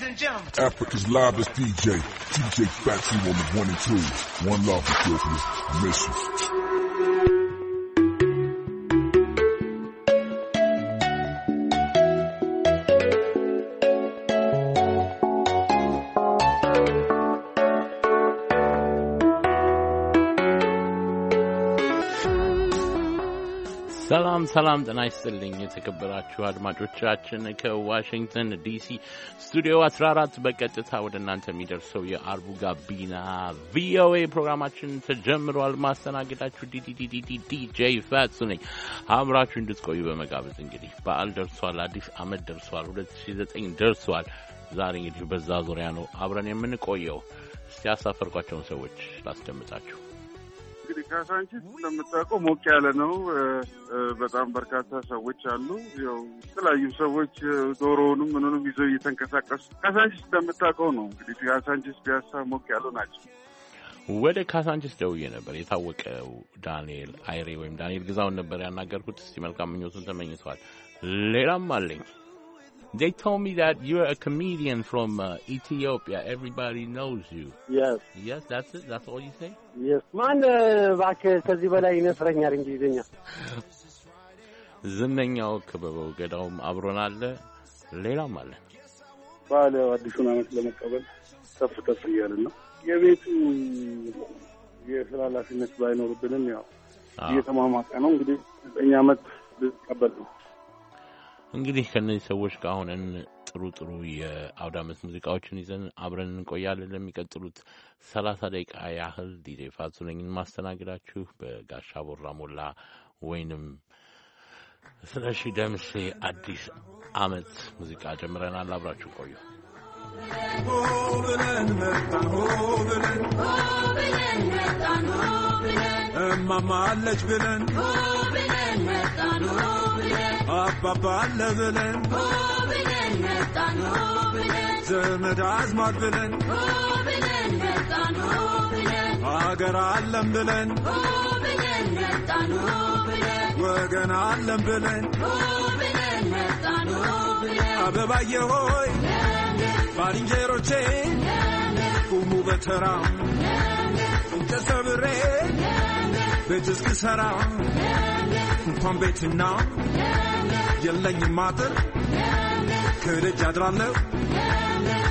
ladies and gentlemen. Africa's livest DJ, DJ Factory on the one and two. One love for Christmas. I miss you. ሰላም ጤና ይስጥልኝ የተከበራችሁ አድማጮቻችን፣ ከዋሽንግተን ዲሲ ስቱዲዮ 14 በቀጥታ ወደ እናንተ የሚደርሰው የአርቡ ጋቢና ቪኦኤ ፕሮግራማችን ተጀምሯል። ማስተናገዳችሁ ዲዲዲዲዲዲጄ ፈጹ ነኝ። አብራችሁ እንድትቆዩ በመጋበዝ እንግዲህ በዓል ደርሷል፣ አዲስ ዓመት ደርሷል፣ 2009 ደርሷል። ዛሬ እንግዲህ በዛ ዙሪያ ነው አብረን የምንቆየው። እስቲ ያሳፈርኳቸውን ሰዎች ላስደምጣችሁ። እንግዲህ ካሳንቺስ እንደምታውቀው ሞቅ ያለ ነው። በጣም በርካታ ሰዎች አሉ። ያው የተለያዩ ሰዎች ዶሮውንም ምንንም ይዘው እየተንቀሳቀሱ ካሳንቺስ እንደምታውቀው ነው። እንግዲህ ካሳንቺስ ቢያሳ ሞቅ ያሉ ናቸው። ወደ ካሳንቺስ ደውዬ ነበር። የታወቀው ዳንኤል አይሬ ወይም ዳንኤል ግዛውን ነበር ያናገርኩት። እስቲ መልካም ምኞቱን ተመኝተዋል። ሌላም አለኝ They told me that you're a comedian from uh, Ethiopia. Everybody knows you. Yes. Yes, that's it. That's all you say? Yes. ማን እባክህ ከዚህ በላይ ይነስረኛል እንግሊዝኛ። ዝነኛው ክበበው ገዳውም አብሮን አለ፣ ሌላም አለ። በዓለ አዲሱን ዓመት ለመቀበል ተፍ ተፍ እያልን ነው። የቤቱ የስራ ኃላፊነት ባይኖርብንም ያው እየተማማቀ ነው እንግዲህ ዘጠኝ ዓመት ልቀበል ነው እንግዲህ ከእነዚህ ሰዎች ጋር አሁነን ጥሩ ጥሩ የአውዳመት ሙዚቃዎችን ይዘን አብረን እንቆያለን። ለሚቀጥሉት ሰላሳ ደቂቃ ያህል ዲጄ ፋቱ ማስተናግዳችሁ በጋሻ ቦራ ሞላ ወይንም ስለሺ ደምሴ አዲስ አመት ሙዚቃ ጀምረናል። አብራችሁ ቆዩ። እማማ ብለን አባባለ ብለን ዘመድ አዝማድ ብለን ብለን አገር አለም ብለን ወገን አለም ብለን አበባዬ ሆይ ባልንጀሮቼ ቁሙ በተራ ቁም ተሰብሬ ቤት እስክሰራ እንኳን ቤትና የለኝም ማጥር ከደጅ አድራለሁ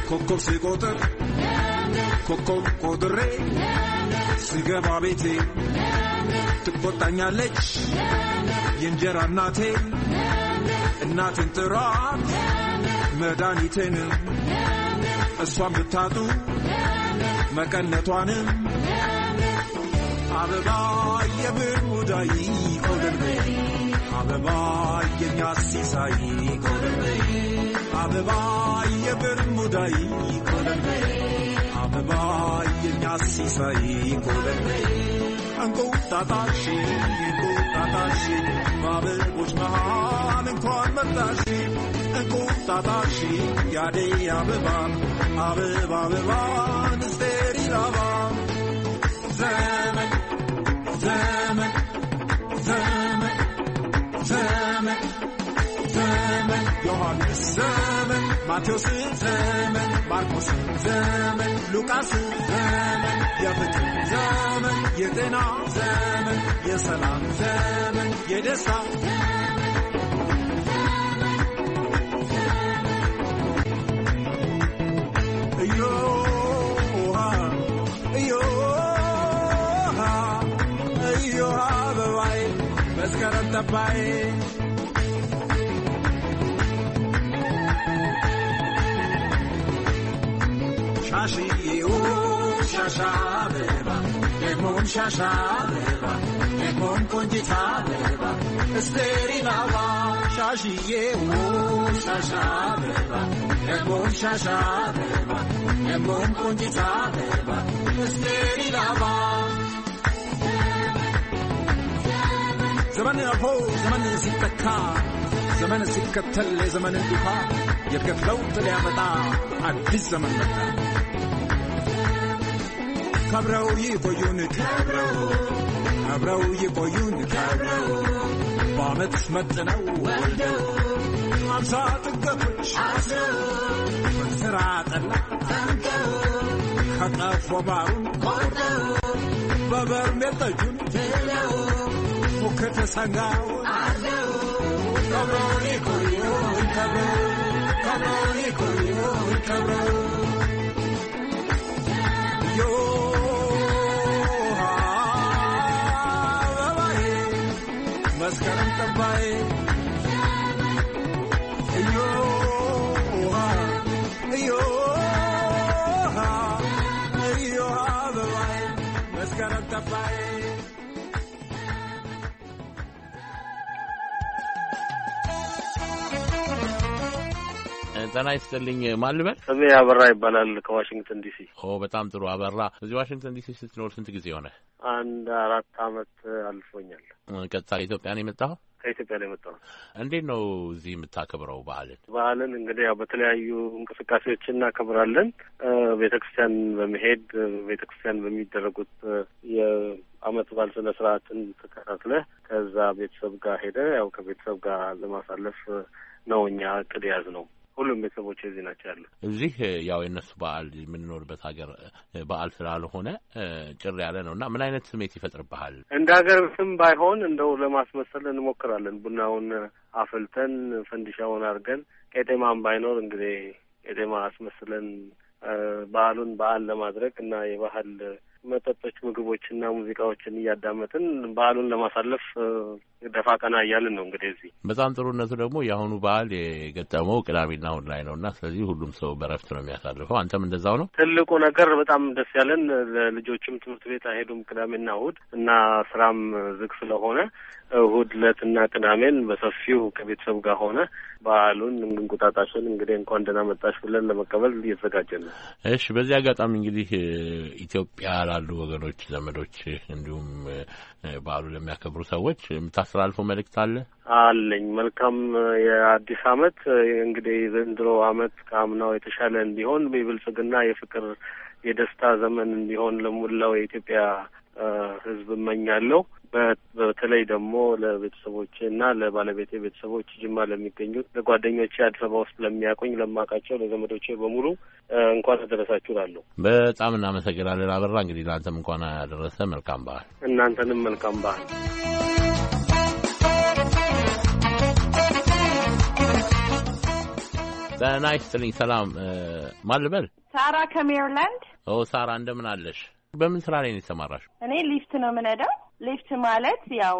ኮከብ ስቆጥር ኮከብ ቆጥሬ ስገባ ቤቴ ትቆጣኛለች የእንጀራ እናቴ እናትን ጥሯት መድኃኒቴንም እሷን ብታጡ መቀነቷንም Hade varje bermuda i golden bay. Hade varje nazisa i golden bay. Hade varje bermuda i golden bay. Hade varje nazisa i golden bay. En gota tashi, en gota tashi. Babel bushman, en kwamen tashi. En gota tashi, yade abeban. Abeban, abeban, steri lavan. Zemen. ዘመን ዘመን ዘመን ዘመን ዮሐንስ ዘመን ማቴዎስ ዘመን ማርቆስ ዘመን ሉቃስ ዘመን የፍቅር ዘመን የጤና ዘመን የሰላም ዘመን የደስታ pae. Shashi u shasha beba, demon shasha beba, demon konjita beba, esteri nava. Shashi u shasha beba, demon shasha beba, demon konjita beba, esteri nava. ዘመን አልፎ ዘመን ሲተካ ዘመን ሲከተል የዘመንን ዱካ የእድገት ለውጥ ሊያመጣ አዲስ ዘመን መጣ። ከብረው ይቆዩን ከብረው አብረው ይቆዩን ከብረው በአመት መጥነው ወልደው አምሳ ጥገቶች አስረው ስራ ጠላ ጠምቀው ከቀፎ ማሩን ቆርጠው በበርሜል ጠጁን ትለው ከተሰጋው መስከረም ጠባይ Got up the ጤና ይስጥልኝ ማልበል ስሜ አበራ ይባላል ከዋሽንግተን ዲሲ። ኦ በጣም ጥሩ አበራ፣ እዚህ ዋሽንግተን ዲሲ ስትኖር ስንት ጊዜ ሆነ? አንድ አራት አመት አልፎኛል። ቀጥታ ከኢትዮጵያ ነው የመጣኸው? ከኢትዮጵያ ነው መጣሁ። እንዴት ነው እዚህ የምታከብረው በዓልን? በዓልን እንግዲህ ያው በተለያዩ እንቅስቃሴዎች እናከብራለን። ቤተ ክርስቲያን በመሄድ ቤተ ክርስቲያን በሚደረጉት የአመት በዓል ስነ ስርዓትን ተከታትለ ከዛ ቤተሰብ ጋር ሄደ ያው ከቤተሰብ ጋር ለማሳለፍ ነው እኛ እቅድ ያዝ ነው ሁሉም ቤተሰቦች እዚህ ናቸው ያለ እዚህ ያው የእነሱ በዓል የምንኖርበት ሀገር በዓል ስላልሆነ ጭር ያለ ነው እና ምን አይነት ስሜት ይፈጥርብሃል? እንደ ሀገር ስም ባይሆን እንደው ለማስመሰል እንሞክራለን። ቡናውን አፍልተን ፈንዲሻውን አድርገን ቄጤማን ባይኖር እንግዲህ ቄጤማ አስመስለን በዓሉን በዓል ለማድረግ እና የባህል መጠጦች፣ ምግቦች እና ሙዚቃዎችን እያዳመጥን በዓሉን ለማሳለፍ ደፋ ቀና እያልን ነው። እንግዲህ እዚህ በጣም ጥሩነቱ ደግሞ የአሁኑ በዓል የገጠመው ቅዳሜና እሑድ ላይ ነው እና ስለዚህ ሁሉም ሰው በረፍት ነው የሚያሳልፈው። አንተም እንደዛው ነው። ትልቁ ነገር በጣም ደስ ያለን ለልጆችም ትምህርት ቤት አይሄዱም ቅዳሜና እሁድ እና ስራም ዝግ ስለሆነ እሑድ ዕለትና ቅዳሜን በሰፊው ከቤተሰብ ጋር ሆነ በዓሉን እንቁጣጣሽን እንግዲህ እንኳን ደህና መጣሽ ብለን ለመቀበል እየተዘጋጀ ነው። እሺ፣ በዚህ አጋጣሚ እንግዲህ ኢትዮጵያ ላሉ ወገኖች፣ ዘመዶች እንዲሁም በዓሉ ለሚያከብሩ ሰዎች የምታስተላልፈው መልእክት አለ? አለኝ። መልካም የአዲስ አመት እንግዲህ ዘንድሮ አመት ከአምናው የተሻለ እንዲሆን የብልጽግና የፍቅር የደስታ ዘመን እንዲሆን ለሙላው የኢትዮጵያ ህዝብ እመኛለሁ። በተለይ ደግሞ ለቤተሰቦቼ እና ለባለቤቴ ቤተሰቦች ጅማ ለሚገኙት ለጓደኞቼ አዲስ አበባ ውስጥ ለሚያቆኝ ለማውቃቸው ለዘመዶቼ በሙሉ እንኳን አደረሳችሁ ላለሁ በጣም እናመሰግናለን። አበራ እንግዲህ ለአንተም እንኳን ያደረሰ መልካም በዓል። እናንተንም መልካም በዓል። ጤና ይስጥልኝ። ሰላም ማልበል ሳራ ከሜሪላንድ። ኦ ሳራ እንደምን አለሽ? በምን ስራ ላይ ነው የተሰማራሽ? እኔ ሊፍት ነው የምነዳው። ሊፍት ማለት ያው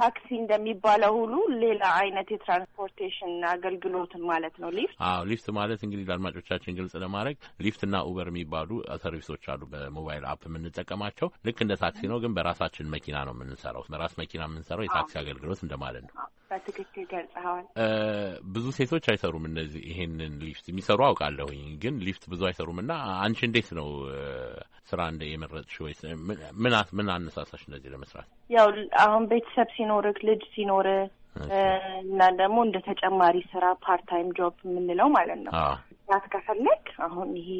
ታክሲ እንደሚባለው ሁሉ ሌላ አይነት የትራንስፖርቴሽን አገልግሎት ማለት ነው። ሊፍት አዎ፣ ሊፍት ማለት እንግዲህ ለአድማጮቻችን ግልጽ ለማድረግ ሊፍት እና ኡበር የሚባሉ ሰርቪሶች አሉ፣ በሞባይል አፕ የምንጠቀማቸው ልክ እንደ ታክሲ ነው፣ ግን በራሳችን መኪና ነው የምንሰራው። በራስ መኪና የምንሰራው የታክሲ አገልግሎት እንደማለት ነው። በትክክል ገልጸዋል። ብዙ ሴቶች አይሰሩም እነዚህ ይሄንን ሊፍት የሚሰሩ አውቃለሁኝ፣ ግን ሊፍት ብዙ አይሰሩም እና አንቺ እንዴት ነው ስራ እንደ የመረጥሽ ወይስ ምን አነሳሳሽ እንደዚህ ለመስራት? ያው አሁን ቤተሰብ ሲኖርህ ልጅ ሲኖርህ እና ደግሞ እንደ ተጨማሪ ስራ ፓርት ታይም ጆብ የምንለው ማለት ነው። ያት ከፈለግ አሁን ይሄ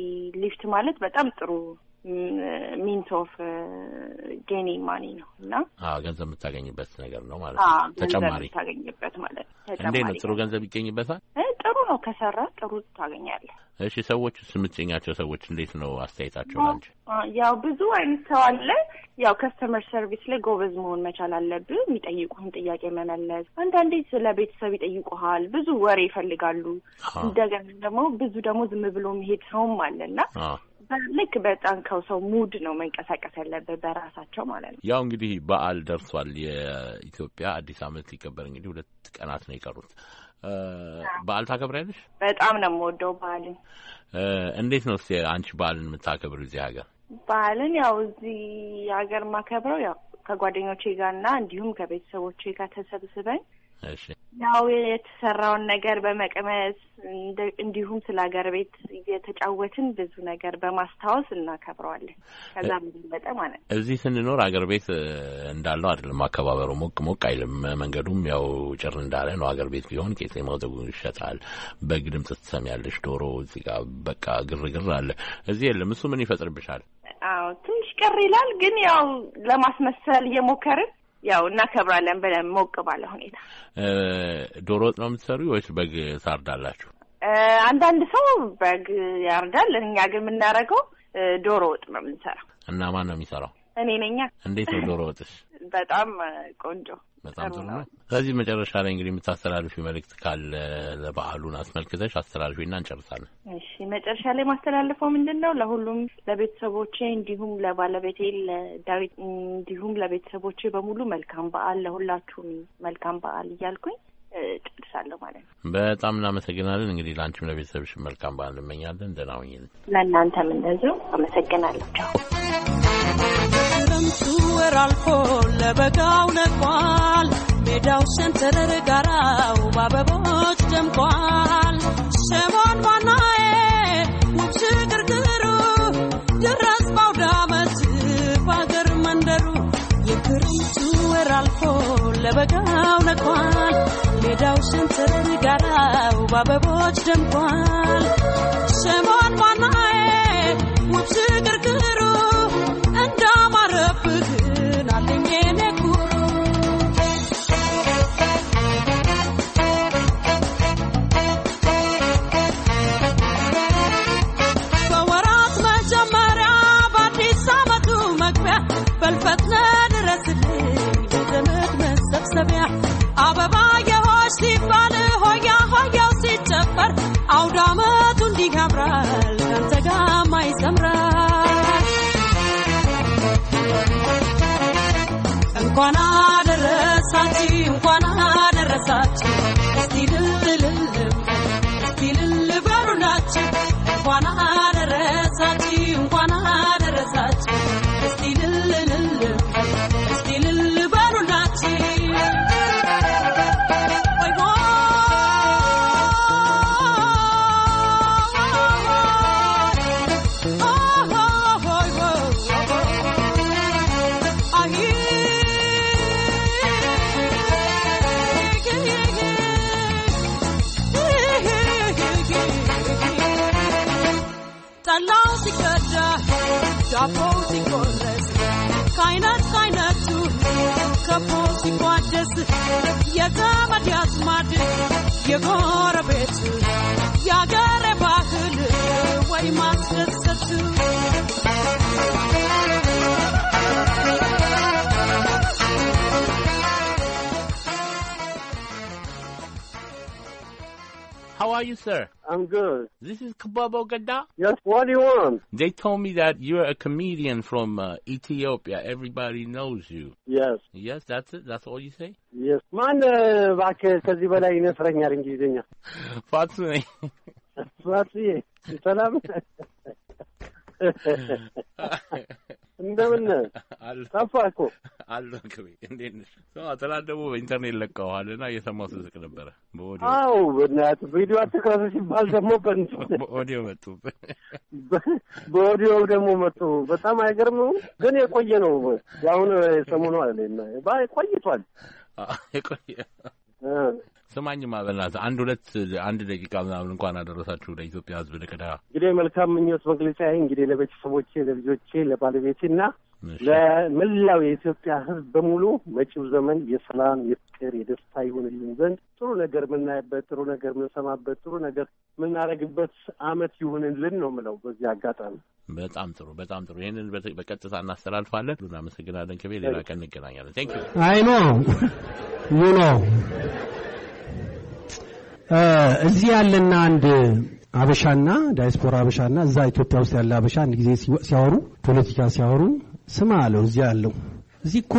ሊፍት ማለት በጣም ጥሩ ሚንት ኦፍ ጌኒንግ ማኒ ነው እና ገንዘብ የምታገኝበት ነገር ነው ማለት ነው። ተጨማሪ የምታገኝበት ማለት ነው። እንዴ ነው? ጥሩ ገንዘብ ይገኝበታል። ጥሩ ነው ከሰራ ጥሩ ታገኛለህ። እሺ ሰዎች ስምትገኛቸው ሰዎች እንዴት ነው አስተያየታቸው? አንቺ ያው ብዙ አይነት ሰው አለ። ያው ከስተመር ሰርቪስ ላይ ጎበዝ መሆን መቻል አለብህ። የሚጠይቁህን ጥያቄ መመለስ። አንዳንዴ ስለ ቤተሰብ ይጠይቁሃል፣ ብዙ ወሬ ይፈልጋሉ። እንደገና ደግሞ ብዙ ደግሞ ዝም ብሎ መሄድ ሰውም አለና ልክ በጣም ሰው ሙድ ነው መንቀሳቀስ ያለበት በራሳቸው ማለት ነው። ያው እንግዲህ በዓል ደርሷል። የኢትዮጵያ አዲስ ዓመት ሊከበር እንግዲህ ሁለት ቀናት ነው የቀሩት። በዓል ታከብሪያለሽ? በጣም ነው የምወደው በዓልን። እንዴት ነው እስኪ አንቺ በዓልን የምታከብሪው እዚህ ሀገር? በዓልን ያው እዚህ ሀገር የማከብረው ያው ከጓደኞቼ ጋር እና እንዲሁም ከቤተሰቦቼ ጋር ተሰብስበን ያው የተሰራውን ነገር በመቅመስ እንዲሁም ስለ ሀገር ቤት እየተጫወትን ብዙ ነገር በማስታወስ እናከብረዋለን። ከዛ ምንበጠ ማለት ነው። እዚህ ስንኖር አገር ቤት እንዳለው አይደለም። አከባበሩ ሞቅ ሞቅ አይልም። መንገዱም ያው ጭር እንዳለ ነው። አገር ቤት ቢሆን ቄጤማው ይሸጣል፣ በግ ድምጽ ትሰሚያለሽ፣ ዶሮ እዚህ ጋር በቃ ግርግር አለ። እዚህ የለም። እሱ ምን ይፈጥርብሻል? አዎ ትንሽ ቅር ይላል፣ ግን ያው ለማስመሰል እየሞከርን ያው እናከብራለን ብለን ሞቅ ባለ ሁኔታ። ዶሮ ወጥ ነው የምትሰሩ ወይስ በግ ታርዳላችሁ? አንዳንድ ሰው በግ ያርዳል። እኛ ግን የምናደርገው ዶሮ ወጥ ነው የምንሰራው። እና ማን ነው የሚሰራው? እኔ ነኛ። እንዴት ነው ዶሮ ወጥሽ? በጣም ቆንጆ በጣም ጥሩ ነው። ስለዚህ መጨረሻ ላይ እንግዲህ የምታስተላልፊ መልእክት ካለ ለበዓሉን አስመልክተሽ አስተላልፊና እንጨርሳለን። እሺ፣ መጨረሻ ላይ ማስተላልፈው ምንድን ነው ለሁሉም ለቤተሰቦቼ፣ እንዲሁም ለባለቤቴ ለዳዊት፣ እንዲሁም ለቤተሰቦቼ በሙሉ መልካም በዓል፣ ለሁላችሁም መልካም በዓል እያልኩኝ ጨርሳለሁ ማለት ነው። በጣም እናመሰግናለን። እንግዲህ ለአንቺም ለቤተሰብሽ መልካም በዓል እንመኛለን። ደህና ሁኚልን። ለእናንተም እንደዚሁ አመሰግናለሁ። ክረምቱ ወር አልፎ ለበጋው ነቋል። ሜዳው ሸንተረር ጋራው በአበቦች ደምቋል። ሸሞን ዋናዬ ውብሽ ግርግሩ ድረስ ባውደ ዓመት በአገር መንደሩ የክረምቱ ወር አልፎ ለበጋ ስንትር ጋራው በአበቦች ደምቋል። as የአዝማድ የጎረቤት የአገር ባህል ወይማ How are you, sir? I'm good. This is Kabab Ogada? Yes, what do you want? They told me that you're a comedian from uh, Ethiopia. Everybody knows you. Yes. Yes, that's it? That's all you say? Yes. Man, እባክህ ከዚህ በላይ ይነስረኛል እንግሊዝኛ። ፋቱ ነኝ። ፋቱ ሰላም እንደምን ጠፋ እኮ አለ ክቤ እንዴ ነሽ? ትናንት ደግሞ በኢንተርኔት ለቀዋል እና እየሰማሁ ስዝቅ ነበረ። አዎ በናት ቪዲዮ አትክረስ ሲባል ደግሞ በኦዲዮ መጡ፣ በኦዲዮ ደግሞ መጡ። በጣም አይገርም ነው ግን የቆየ ነው። አሁን ሰሞኑ አለ ቆይቷል ስማኝ በእናት አንድ ሁለት አንድ ደቂቃ ምናምን እንኳን አደረሳችሁ ለኢትዮጵያ ህዝብ ልቅዳ እንግዲህ መልካም ምኞት መግለጫ እንግዲህ ለቤተሰቦቼ፣ ለልጆቼ፣ ለባለቤቴ እና ለመላው የኢትዮጵያ ሕዝብ በሙሉ መጪው ዘመን የሰላም፣ የፍቅር፣ የደስታ ይሆንልን ዘንድ ጥሩ ነገር የምናይበት፣ ጥሩ ነገር የምንሰማበት፣ ጥሩ ነገር የምናደርግበት አመት ይሆንልን ነው ምለው በዚህ አጋጣሚ። በጣም ጥሩ በጣም ጥሩ። ይህንን በቀጥታ እናስተላልፋለን። እናመሰግናለን። ክቤ ሌላ ቀን እንገናኛለን። ቴንክ ዩ አይ ኖ ዩ ኖ እዚህ ያለና አንድ አበሻና ዳያስፖራ አበሻና እዛ ኢትዮጵያ ውስጥ ያለ አበሻ አንድ ጊዜ ሲያወሩ ፖለቲካ ሲያወሩ ስማ አለው። እዚያ ያለው እዚህ እኮ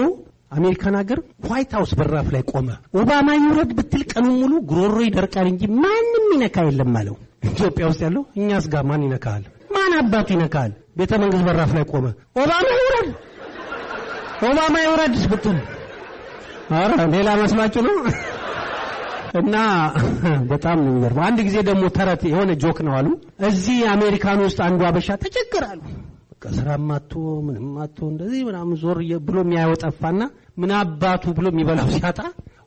አሜሪካን ሀገር ዋይት ሀውስ በራፍ ላይ ቆመ። ኦባማ ይውረድ ብትል ቀኑ ሙሉ ጉሮሮ ይደርቃል እንጂ ማንም ይነካ የለም አለው። ኢትዮጵያ ውስጥ ያለው እኛስ ጋር ማን ይነካል? ማን አባቱ ይነካል? ቤተ መንግስት በራፍ ላይ ቆመ። ኦባማ ይውረድ፣ ኦባማ ይውረድ ብትል አረ ሌላ መስሏችሁ ነው። እና በጣም ነው የሚገርመው። አንድ ጊዜ ደግሞ ተረት የሆነ ጆክ ነው አሉ። እዚህ አሜሪካን ውስጥ አንዱ አበሻ አሉ። በቃ ስራ ማቶ ምንም ማቶ እንደዚህ ምናምን ዞር ብሎ የሚያየው ጠፋና ምን አባቱ ብሎ የሚበላው ሲያጣ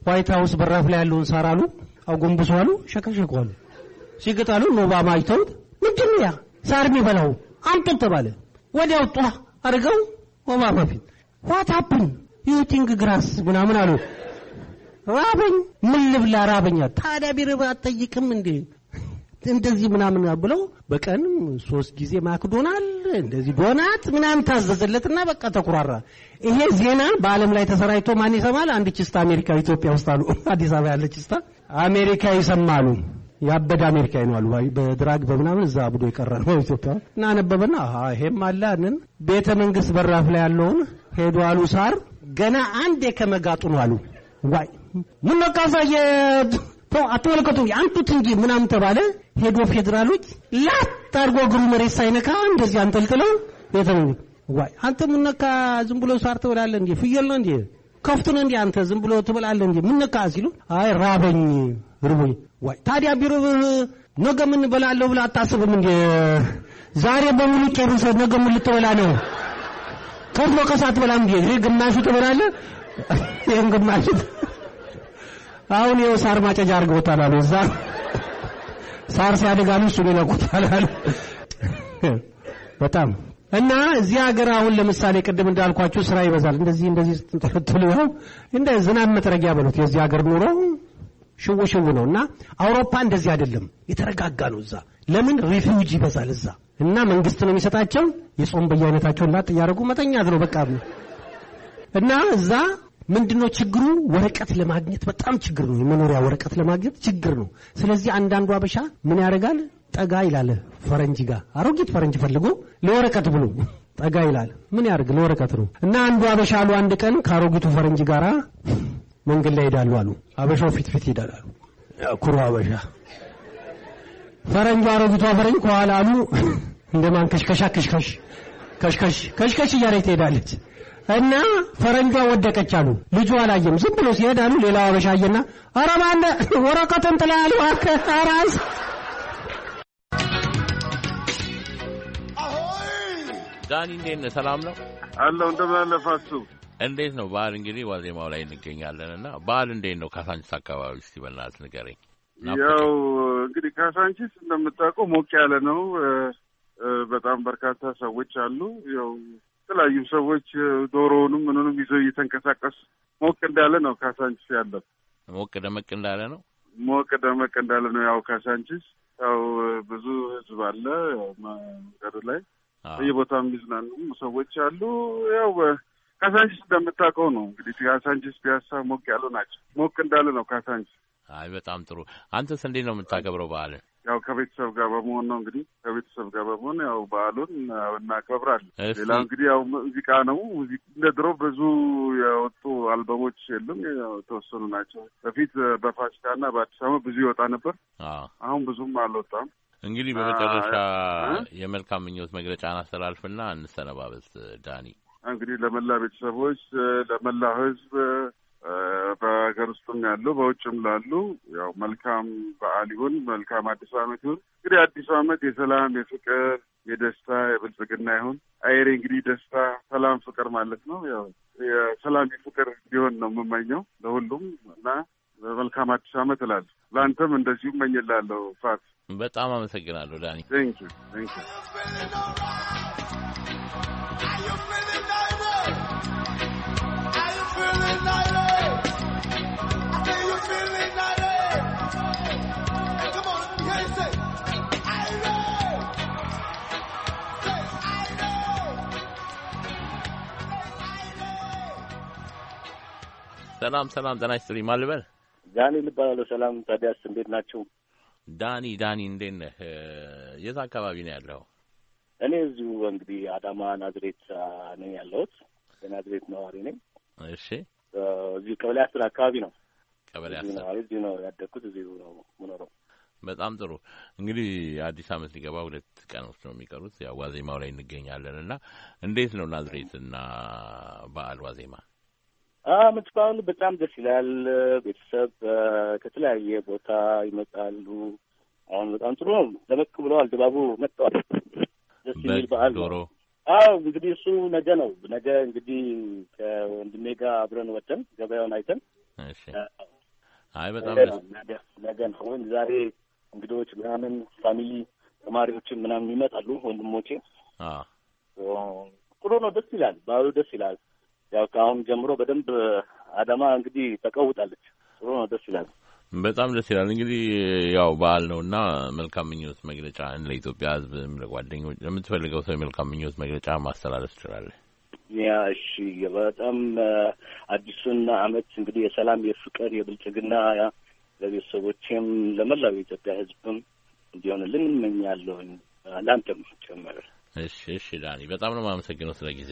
ዋይት ሀውስ በራፍ ላይ ያለውን ሳር አሉ አጎንብሶ አሉ ሸከሸኩ አሉ ሲግጣሉ ኦባማ አይተውት ምንድን ያ ሳር የሚበላው አምጥን ተባለ። ወዲያው ጧ አድርገው ኦባማ ፊት ዋት ሀፕን ዩ ቲንክ ግራስ ምናምን አሉ። ራበኝ ምን ልብላ ራበኛ። ታዲያ ቢርባ አትጠይቅም እንዴ? እንደዚህ ምናምን ብለው በቀን ሶስት ጊዜ ማክዶናል እንደዚህ ዶናት ምናምን ታዘዘለትና በቃ ተኩራራ። ይሄ ዜና በዓለም ላይ ተሰራይቶ ማን ይሰማል? አንድ ችስታ አሜሪካ ኢትዮጵያ ውስጥ አሉ፣ አዲስ አበባ ያለ ችስታ አሜሪካ ይሰማሉ። ያበደ አሜሪካዊ ነው አሉ። በድራግ በምናምን እዛ ቡዶ የቀረ ነው ኢትዮጵያ እና አነበበና ይሄም አላንን ቤተ መንግስት በራፍ ላይ ያለውን ሄዱ አሉ ሳር ገና አንዴ ከመጋጡ ነው አሉ ዋይ ምን ነቃሳ ተው አትመለከቱም አንቱ ትንጂ ምናምን ተባለ። ሄዶ ፌዴራሎች ላት አድርጎ እግሩ መሬት ሳይነካ እንደዚህ አንጠልጥለው የተነው ዋይ አንተ ምን ዝም ብሎ ሳር ትበላለህ እንዴ? ፍየል ነው እንዴ? ከፍት ነው እንዴ? አንተ ዝም ብሎ ትበላለህ እንዴ? ምን ነካ ሲሉ አይ ራበኝ፣ ርቦኝ። ዋይ ታዲያ ቢሮ ነገ ምን በላለሁ ብለህ አታስብም እንዴ? ዛሬ በሙሉ ጨርሰህ ነገ ምን ልትበላ ነው? ከርሞ ከሳት በላም እንዴ? ግማሹ ትበላለህ፣ ይሄን ግማሹ አሁን ይኸው ሳር ማጨጃ አድርገውታል አሉ። እዛ ሳር ሲያደጋሉ እሱን ይለቁታል አሉ። በጣም እና እዚህ ሀገር አሁን ለምሳሌ ቅድም እንዳልኳችሁ ስራ ይበዛል። እንደዚህ እንደዚህ ስትንጠለጥሉ ያው እንደ ዝናብ መጥረጊያ በሉት የዚህ ሀገር ኑሮ ሽው ሽው ነው። እና አውሮፓ እንደዚህ አይደለም፣ የተረጋጋ ነው። እዛ ለምን ሪፊውጅ ይበዛል እዛ እና መንግስት ነው የሚሰጣቸው። የጾም በየአይነታቸው ላጥ እያደረጉ መተኛት ነው በቃ እና እዛ ምንድነው ችግሩ? ወረቀት ለማግኘት በጣም ችግር ነው። የመኖሪያ ወረቀት ለማግኘት ችግር ነው። ስለዚህ አንዳንዱ አበሻ ምን ያደርጋል? ጠጋ ይላል ፈረንጅ ጋር አሮጊት ፈረንጅ ፈልጎ ለወረቀት ብሎ ጠጋ ይላል። ምን ያደርግ? ለወረቀት ነው እና አንዱ አበሻ አሉ አንድ ቀን ከአሮጊቱ ፈረንጅ ጋር መንገድ ላይ ሄዳሉ አሉ። አበሻው ፊት ፊት ይሄዳል አሉ። ኩሩ አበሻ ፈረንጁ አሮጊቷ ፈረንጅ ከኋላ አሉ። እንደማን ከሽከሻ ከሽከሽ ከሽከሽ ከሽከሽ እያለች ትሄዳለች። እና ፈረንጇ ወደቀች አሉ። ልጁ አላየም። ዝም ብሎ ሲሄድ አሉ ሌላው አበሻ አየና ኧረ እባክህ ወረቀቱን ጥለሃል እባክህ አራስ ዳኒ እንዴት ነህ? ሰላም ነው አለው። እንደምን አለፋችሁ? እንዴት ነው በዓል? እንግዲህ ዋዜማው ላይ እንገኛለን እና በዓል እንዴት ነው ካሳንቺስ አካባቢ? እስቲ በእናትህ ንገረኝ። ያው እንግዲህ ካሳንቺስ እንደምታውቀው ሞቅ ያለ ነው። በጣም በርካታ ሰዎች አሉ። ያው የተለያዩ ሰዎች ዶሮውንም ምንንም ይዘው እየተንቀሳቀሱ ሞቅ እንዳለ ነው ካሳንቺስ ያለው። ሞቅ ደመቅ እንዳለ ነው። ሞቅ ደመቅ እንዳለ ነው። ያው ካሳንቺስ ያው ብዙ ህዝብ አለ መንገዱ ላይ በየቦታው የሚዝናኑም ሰዎች አሉ። ያው ካሳንቺስ እንደምታውቀው ነው እንግዲህ ካሳንቺስ ፒያሳ ሞቅ ያሉ ናቸው። ሞቅ እንዳለ ነው ካሳንቺስ። አይ በጣም ጥሩ። አንተስ እንዴት ነው የምታከብረው በዓልን? ያው ከቤተሰብ ጋር በመሆን ነው እንግዲህ ከቤተሰብ ጋር በመሆን ያው በዓሉን እናከብራለን። ሌላ እንግዲህ ያው ሙዚቃ ነው። እንደ ድሮ ብዙ የወጡ አልበሞች የሉም፣ የተወሰኑ ናቸው። በፊት በፋሲካና በአዲስ አበባ ብዙ ይወጣ ነበር። አሁን ብዙም አልወጣም። እንግዲህ በመጨረሻ የመልካም ምኞት መግለጫ አስተላልፍና እንሰነባበት ዳኒ። እንግዲህ ለመላ ቤተሰቦች፣ ለመላ ህዝብ በሀገር ውስጥም ያሉ በውጭም ላሉ ያው መልካም በዓል ይሁን፣ መልካም አዲስ ዓመት ይሁን። እንግዲህ አዲሱ ዓመት የሰላም የፍቅር፣ የደስታ፣ የብልጽግና ይሁን። አይሬ እንግዲህ ደስታ፣ ሰላም፣ ፍቅር ማለት ነው። ያው የሰላም የፍቅር ሊሆን ነው የምመኘው ለሁሉም እና መልካም አዲስ ዓመት እላለሁ። ለአንተም እንደዚሁ እመኝላለሁ። ፋት በጣም አመሰግናለሁ ዳኒ። ቴንክ ሰላም ሰላም፣ ጤና ይስጥልኝ። ማን ልበል? ዳንኤል እባላለሁ። ሰላም ታዲያስ፣ እንዴት ናቸው? ዳኒ ዳኒ፣ እንዴት ነህ? የት አካባቢ ነው ያለው? እኔ እዚሁ እንግዲህ አዳማ ናዝሬት ነኝ ያለሁት። የናዝሬት ነዋሪ ነኝ። እሺ፣ እዚሁ ቀበሌ አስር አካባቢ ነው። ቀበሌ አስር ነዋሪ፣ እዚሁ ነው ያደግኩት፣ እዚሁ ነው ምኖረው። በጣም ጥሩ እንግዲህ አዲስ ዓመት ሊገባ ሁለት ቀኖች ነው የሚቀሩት። ያው ዋዜማው ላይ እንገኛለን እና እንዴት ነው ናዝሬትና በዓል ዋዜማ ምትባሉ በጣም ደስ ይላል። ቤተሰብ ከተለያየ ቦታ ይመጣሉ። አሁን በጣም ጥሩ ነው። ደመቅ ብለዋል። ድባቡ መጥተዋል። ደስ የሚል በዓል ነው። አዎ እንግዲህ እሱ ነገ ነው። ነገ እንግዲህ ከወንድሜ ጋር አብረን ወተን ገበያውን አይተን አይ በጣም ነገ ነው ወይም ዛሬ እንግዶች ምናምን ፋሚሊ ተማሪዎችን ምናምን ይመጣሉ። ወንድሞቼ ጥሩ ነው። ደስ ይላል። በዓሉ ደስ ይላል። ያው ከአሁን ጀምሮ በደንብ አዳማ እንግዲህ ተቀውጣለች። ጥሩ ነው፣ ደስ ይላል። በጣም ደስ ይላል። እንግዲህ ያው በዓል ነው እና መልካም ምኞት መግለጫ ለኢትዮጵያ ሕዝብ ለጓደኞች፣ ለምትፈልገው ሰው የመልካም ምኞት መግለጫ ማስተላለፍ ትችላለህ። ያ እሺ፣ በጣም አዲሱን አመት እንግዲህ የሰላም የፍቅር፣ የብልጽግና ለቤተሰቦቼም ለመላው የኢትዮጵያ ሕዝብም እንዲሆንልን እመኛለሁኝ። ለአንተም ጭምር። እሺ፣ እሺ ዳኒ፣ በጣም ነው የማመሰግነው ስለ ጊዜ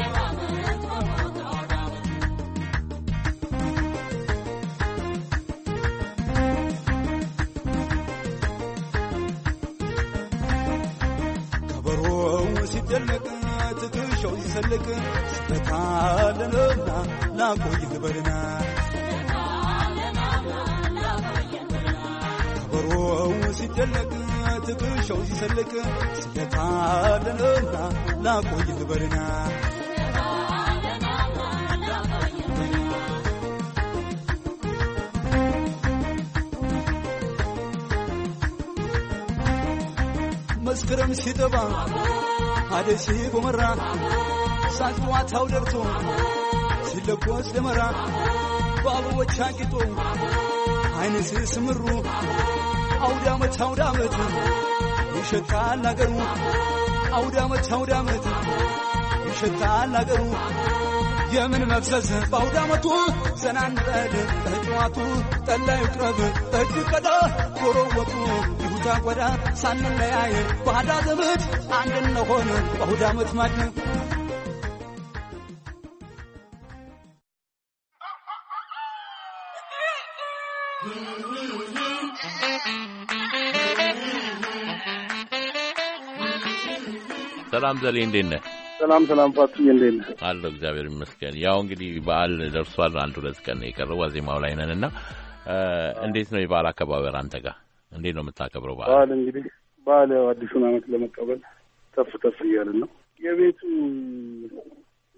ይደለቅ ትከሻው ሲሰልቅ ስለታለና ላቆይ ልበልና ከበሮው ሲደለቅ ትከሻው ይሰለቅ ስለታለና ላቆይ ልበልና መስከረም ሲጠባ አደሲ ጎመራ ሳጥዋ ታው ደርቶ ሲለኮስ ደመራ በአበቦች አጊጦ አይነት ስምሩ አውደ ዓመት ይሸታል አገሩ አውደ ዓመት ይሸታል አገሩ የምን መፍዘዝ በአውዳመቱ ዓመቱ ዘና እንበል ጠላ ይቅረብ ጠጅ ቀዳ ጎሮወጡ እንዳንጎዳ ሳንለያየ ባዳ ዘመድ አንድ እንሆን በሁዳ ዓመት ማድነ ሰላም ዘሌ እንዴት ነህ? ሰላም ሰላም ፋቱዬ እንዴት ነህ? አለሁ እግዚአብሔር ይመስገን። ያው እንግዲህ በዓል ደርሷል። አንድ ሁለት ቀን የቀረው ዋዜማው ላይ ነን እና እንዴት ነው የበዓል አከባበር አንተ ጋር? እንዴት ነው የምታከብረው በዓል? በዓል እንግዲህ በዓል አዲሱን ዓመት ለመቀበል ተፍ ተፍ እያልን ነው። የቤቱ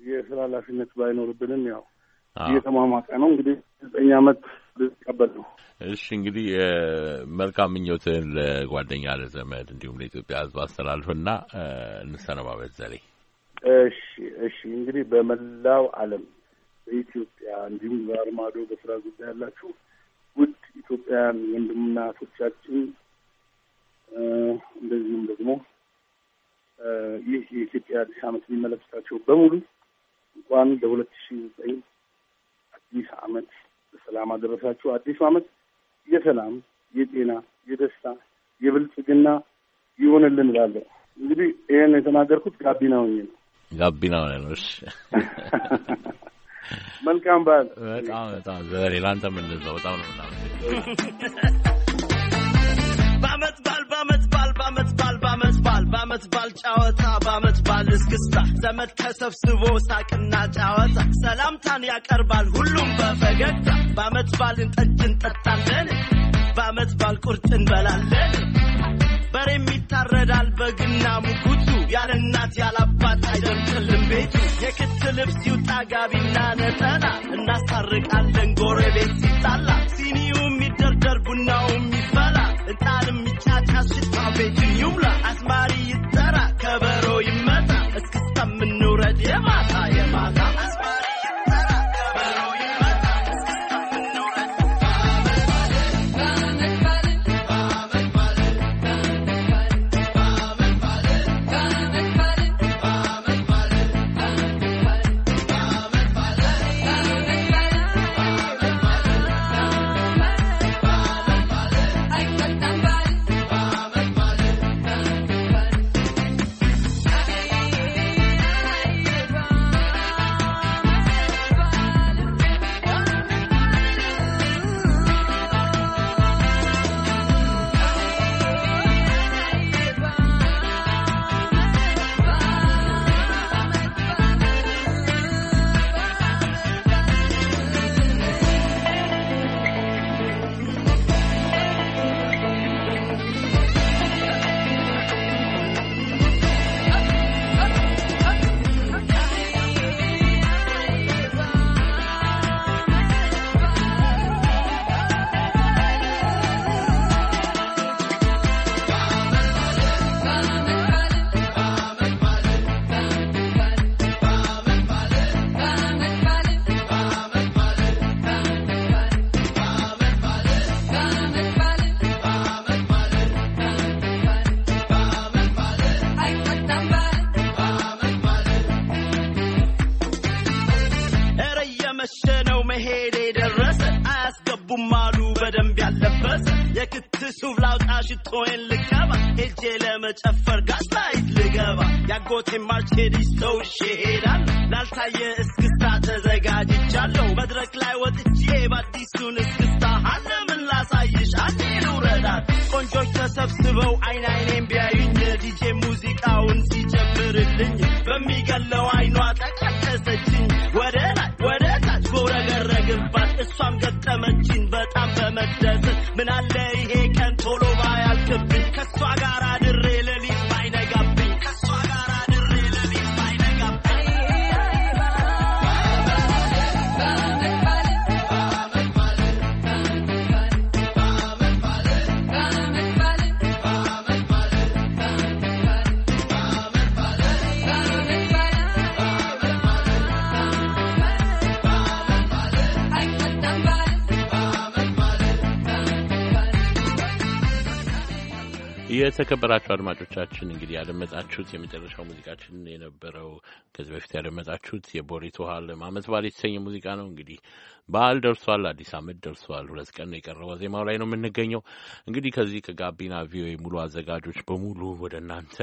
የስራ ኃላፊነት ባይኖርብንም ያው እየተሟሟቀ ነው እንግዲህ ዘጠኝ ዓመት ልቀበል ነው። እሺ እንግዲህ መልካም ምኞትህን ለጓደኛ ለዘመድ፣ እንዲሁም ለኢትዮጵያ ሕዝብ አስተላልፍና እንሰነባበት ዘሌ። እሺ እሺ። እንግዲህ በመላው ዓለም በኢትዮጵያ እንዲሁም በአርማዶ በስራ ጉዳይ ያላችሁ ኢትዮጵያውያን ወንድምና እህቶቻችን እንደዚሁም ደግሞ ይህ የኢትዮጵያ አዲስ ዓመት የሚመለከታቸው በሙሉ እንኳን ለሁለት ሺ ዘጠኝ አዲስ ዓመት በሰላም አደረሳችሁ። አዲሱ ዓመት የሰላም፣ የጤና፣ የደስታ፣ የብልጽግና ይሆንልን እላለሁ። እንግዲህ ይህን የተናገርኩት ጋቢና ሆኜ ነው። ጋቢና ሆነ ነው። መልካም በዓል። በጣም በጣም ዘሬ ላንተም እንደዛው በጣም ነው ምናምን በዓመት በዓል በዓመት በዓል በዓመት በዓል በዓል በዓል ጨዋታ በዓል እስክስታ ዘመድ ተሰብስቦ ሳቅና ጨዋታ ሰላምታን ያቀርባል ሁሉም በፈገግታ በአመት በዓልን እንጠጅ እንጠጣለን በአመት በዓል ቁርጥ እንበላለን በሬም ይታረዳል በግና ሙኩቱ ያለ እናት ያላባት አይደርስልም ቤቱ የክት ልብስ ይውጣ ጋቢና ነጠላ እናስታርቃለን ጎረቤት ሲጣላ ሲኒውም ይደርደር ቡናውም ይፈላ እጣንም ይጫጫ ሽታ ቤትን ይውላ ፎቶዬን ልገባ ሄጄ ለመጨፈር ጋስታይት ልገባ ያጎቴ ማርቼዲስ ሰውሼ ይሄዳል ላልታየ እስክስታ ተዘጋጅቻለሁ መድረክ ላይ ወጥቼ በአዲሱን እስክስታ አለምን ላሳይሽ አንዴን ውረዳት ቆንጆች ተሰብስበው አይን አይኔን ቢያዩኝ ዲጄ ሙዚቃውን ሲጀምርልኝ በሚገለው አይኗ ጠቀሰችኝ ወደ ላይ ወደ ታች ጎረገረግባት እሷም ገጠመችኝ በጣም በመደሰት ምናለ ይሄ So I got out የተከበራችሁ አድማጮቻችን እንግዲህ ያደመጣችሁት የመጨረሻው ሙዚቃችን የነበረው ከዚህ በፊት ያደመጣችሁት የቦሪት ውሃል ዓመት በዓል የተሰኘ ሙዚቃ ነው። እንግዲህ በዓል ደርሷል፣ አዲስ ዓመት ደርሷል። ሁለት ቀን ነው የቀረበው። ዜማው ላይ ነው የምንገኘው። እንግዲህ ከዚህ ከጋቢና ቪኦኤ ሙሉ አዘጋጆች በሙሉ ወደ እናንተ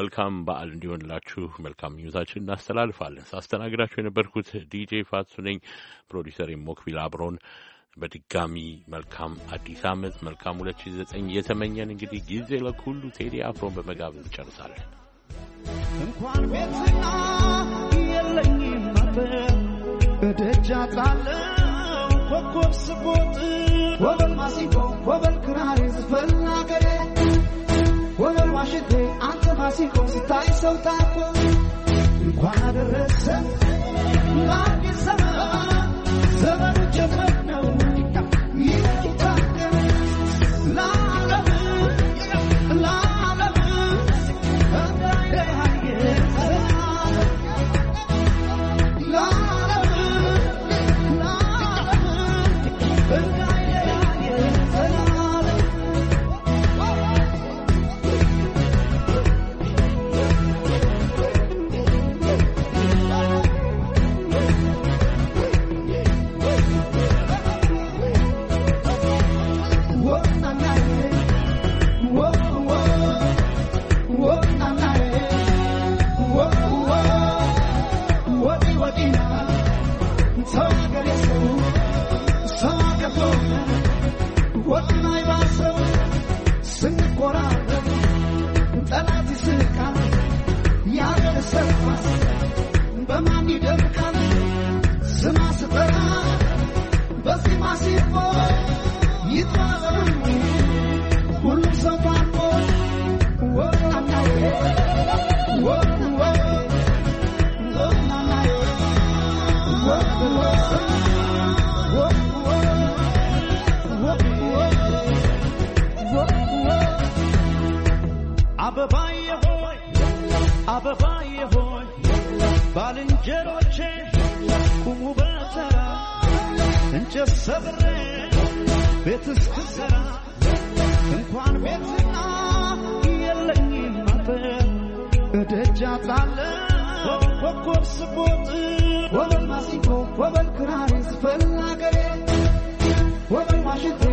መልካም በዓል እንዲሆንላችሁ መልካም ምኞታችን እናስተላልፋለን። ሳስተናግዳችሁ የነበርኩት ዲጄ ፋትሱ ነኝ። ፕሮዲሰር ሞክቢል አብሮን በድጋሚ መልካም አዲስ ዓመት መልካም 2009 የተመኘን እንግዲህ ጊዜ ለሁሉ ቴዲ አፍሮን በመጋበዝ ጨርሳለን። እንኳን ቤትና የለኝም ነበር በደጃፍ አለው ኮከብ ስቦጥ ወበል ማሲንቆ ወበል ክራር ዝፈን አገሬ ወበል ዋሽንቴ አንተ ማሲንቆ ሲታይ ሰው ታኮ እንኳን አደረሰ ላዲስ ዘመን ዘመኑ ጀመረ አበባዬ ሆይ አበባዬ ሆይ ባልንጀሮቼ ቁሙ በተራ እንጨት ሰብሬ ቤት እስክሰራ እንኳን ቤት ደጃፍ አለ ኮከብ ስቦጥ ወበል ማሲንቆ